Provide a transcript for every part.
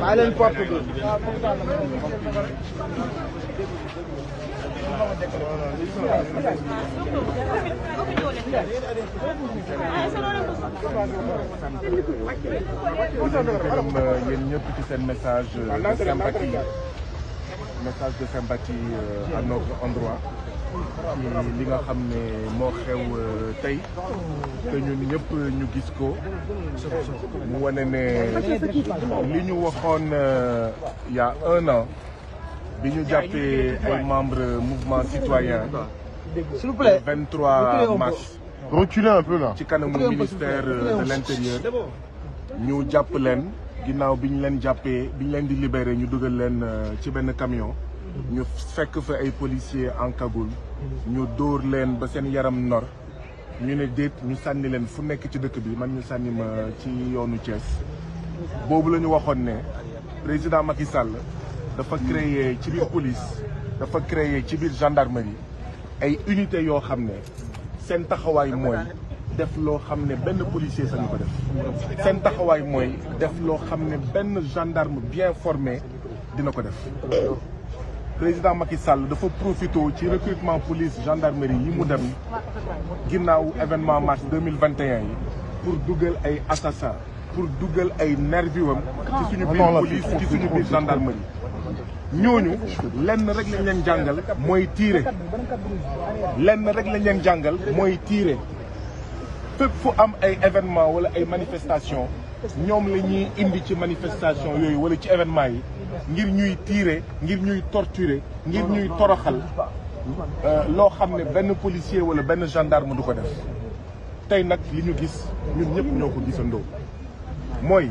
maa leen porte bi. gërëm yéen ñëpp ci seen message de sympathie message de sympathie euh, à notre endroit. ci li nga xam ne moo xew euh, tey te ñun ñëpp ñu gis ko mu wane ne li ñu waxoon il euh, y un an bi ñu jàppee ay membres mouvement citoyen s'il vous plaît mars ci kanamu ministère euh, de l'intérieur ñu jàpp leen ginnaaw bi ñu leen jàppee bi ñu leen di libéré ñu dugal leen ci benn camion ñu fekk fi ay policiers en ñu dóor leen ba seen yaram nor ñu ne déet ñu sànni leen fu nekk ci dëkk bi man ñu sànni ma ci yoonu Thiès boobu lañu waxoon ne président Macky Sall dafa créer ci biir police dafa créer ci biir gendarmerie ay unité yoo xam ne seen taxawaay mooy def loo xam ne benn policier sañu ko def seen taxawaay mooy def loo xam ne benn gendarme bien formé dina ko def président Macky Sall dafa profité ci recrutement police gendarmerie yi mu dem ginnaaw événement mars 2021 yi pour dugal ay assassin pour dugal ay nerviwam ci suñu ah. biir police ci suñu biir gendarmerie ñooñu lenn rek lañ leen jàngal mooy tiire lenn rek lañ leen jàngal mooy tiire fépp fu am ay événement wala ay manifestation ñoom la ñuy indi ci manifestation yooyu wala ci événement yi ngir ñuy tiire ngir ñuy torture ngir ñuy toroxal euh, loo xam ne benn policier wala benn gendarme du ko def tey nag li ñu gis ñun ñëpp ñoo ko gisandoo mooy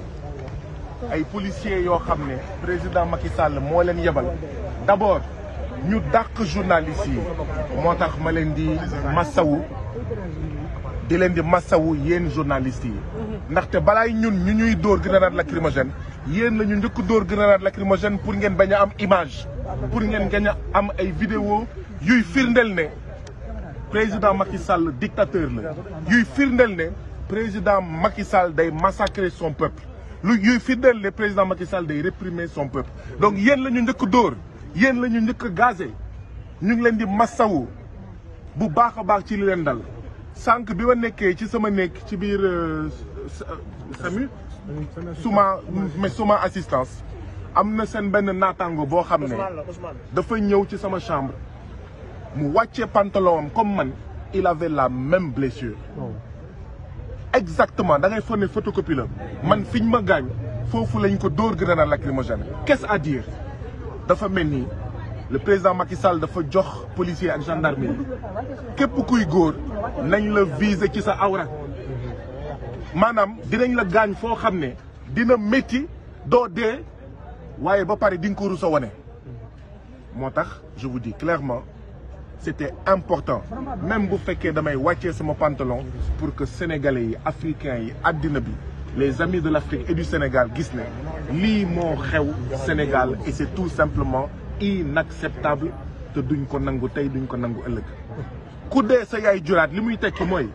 ay policiers yoo xam ne président Macky Sall moo leen yebal d'abord ñu dàq journalistes yi moo tax ma leen di masawu di leen di masawu yéen journalistes yi. Mhm. ndaxte balaay ñun ñu ñuy dóor grenade lacrymogène yéen la ñu njëkk dóor grenade lacrymogène pour ngeen bañ a am image. pour ngeen gañ am ay vidéo yuy firndeel ne président Macky Sall dictateur la yuy firndeel ne président Macky Sall day massacrer son peuple lu yuy firndeel ne président Macky Sall day réprimer son peuple donc yéen la ñu njëkk dóor yéen la ñu njëkk gazé ñu ngi leen di masawu bu baax a baax ci li leen dal. sànq bi ma nekkee ci sama néeg ci biir euh, samu suma mais suma assistance am na seen benn naataango boo xam ne dafa ñëw ci sama chambre mu wàccee pantalon am comme man il avait la même blessure exactement dangay ngay foog ne photocopie la man fiñ ma gaañ foofu lañ ko dóor grenade lacrymogène qu'est-ce à dire dafa mel nii le président Macky Sall dafa jox policier ak gendarmerie képp kuy góor nañ la viser ci sa awra maanaam dinañ la gaañ foo xam ne dina métti doo dee waaye ba pare di nga ko wane moo tax je vous dis clairement c'était important même bu fekkee damay wàccee sama pantalon pour que sénégalais yi africains yi àddina bi les amis de l'Afrique et du Sénégal gis ne lii moo xew Sénégal et c'est tout simplement inacceptable te duñ ko nangu tey duñ ko nangu ëllëg ku dee sa yaay juraat li muy tekki mooy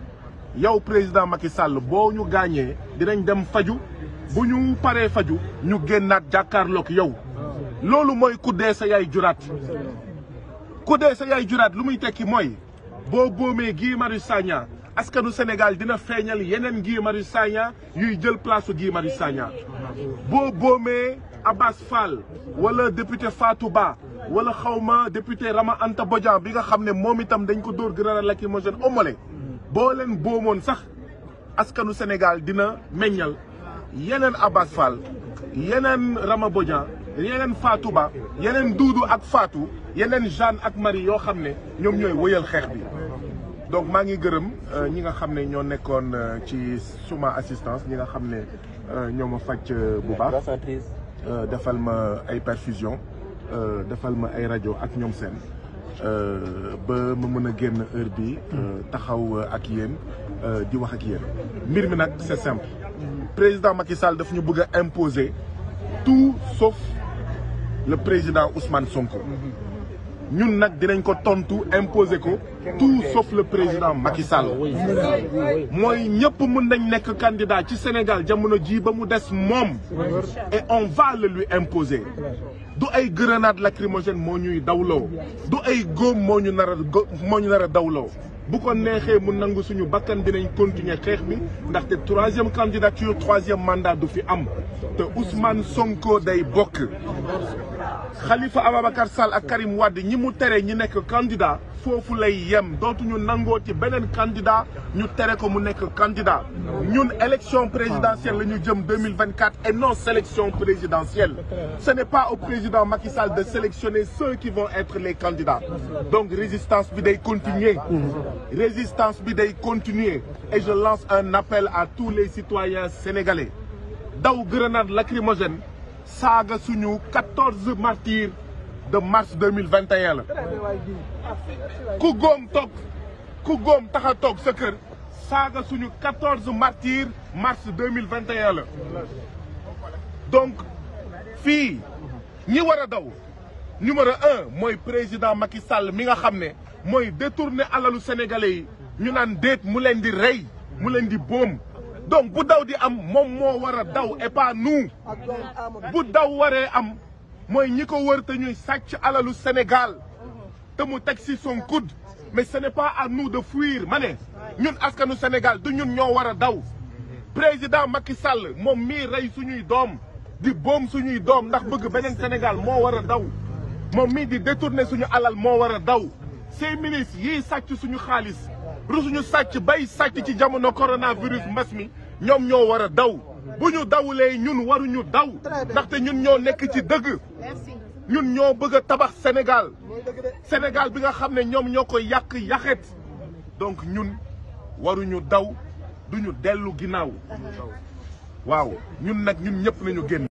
yow président Macky Sall boo ñu gaañee dinañ dem faju bu ñu paree faju ñu génnaat jàkkaarloog yow loolu mooy ku dee sa yaay juraat ku dee sa yaay juraat lu muy tekki mooy boo boomee Guy Marius Sagna askanu Sénégal dina feeñal yeneen Guy Marius Sagna yuy jël place su Guy Marius boo boomee Abbas Fall wala député Fatou Ba wala xawma député Rama Anta Bodian bi nga xam ne moom itam dañ ko dóor grenade lacrymogène omolé boo leen boomoon sax askanu Sénégal dina meññal yeneen Abbas Fall yeneen Rama Bodian yeneen Fatou Ba yeneen Doudou ak Fatou yeneen Jeanne ak mari yoo xam ne ñoom ñooy wëyal xeex bi donc maa ngi gërëm euh, ñi nga xam ne ñoo nekkoon euh, ci suma assistance ñi nga xam ne euh, ñoo ma faj bu baax Euh, defal ma ay perfusion euh, defal ma ay rajo ak ñoom seen euh, ba ma mën a génn heure bi taxaw ak yéen di wax ak yéen mbir mi nag c'est simple président Macky Sall daf ñu bëgg a imposer tout sauf le président Ousmane Sonko ñun nag dinañ ko tontu imposer ko tout sauf le président Macky Sall mooy ñëpp mën nañ nekk candidat ci Sénégal jamono jii ba mu des moom et on va le lui du ay grenade lacrymogène moo ñuy dawloo du ay góom moo ñu nara a moo ñu nar bu ko neexee mu nangu suñu bakkan dinañ continuer xeex bi ndaxte troisième candidature troisième mandat du fi am te Ousmane Sonko day bokk Khalifa Ababacar Sall ak Karim Wade ñi mu tere ñi nekk candidat foofu lay yem dootuñu nangoo ci beneen candidat ñu tere ko mu nekk candidat ñun élection présidentielle la ñu jëm 2024 et non sélection présidentielle ce n'est pas au président Macky Sall de sélectionner ceux qui vont être les candidats donc résistance bi day continuer résistance bi day continuer et je lance un appel à tous les citoyens sénégalais daw grenade lacrymogène saaga suñu quatorze martyrs de mars deux mille vingt et un la ku góom toog ku góom tax a toog sa kër saaga suñu quatorze martyrs mars deux mille vingt et donc fii ñi war a daw numéro un mooy président Macky Sall mi nga xam ne mooy détourner alalu sénégalais yi ñu naan déet mu leen di rey mu leen di boom donc bu daw di am moom moo war a daw et pas nous bu daw waree am mooy ñi ko wër te ñuy sàcc alalu Sénégal te mu teg si son coude mais ce n'est pas à nous de fuir ma ne ñun askanu Sénégal du ñun ñoo war a daw président Macky Sall moom mii rey suñuy doom di boom suñuy doom ndax bëgg beneen Sénégal moo war a daw moom mii di détourner suñu alal moo war a daw ces milices yii sàcc suñu xaalis rusuñu sàcc bay sàcc ci jamono coronavirus mbas mi ñoom ñoo war a daw bu ñu dawulee ñun waruñu daw ndaxte ñun ñoo nekk ci dëgg ñun ñoo bëgg a tabax senegal Sénégal bi nga xam ne ñoom ñoo koy yàq yaxet donc ñun waruñu daw duñu dellu ginnaaw waaw ñun nag ñun ñëpp nañu génn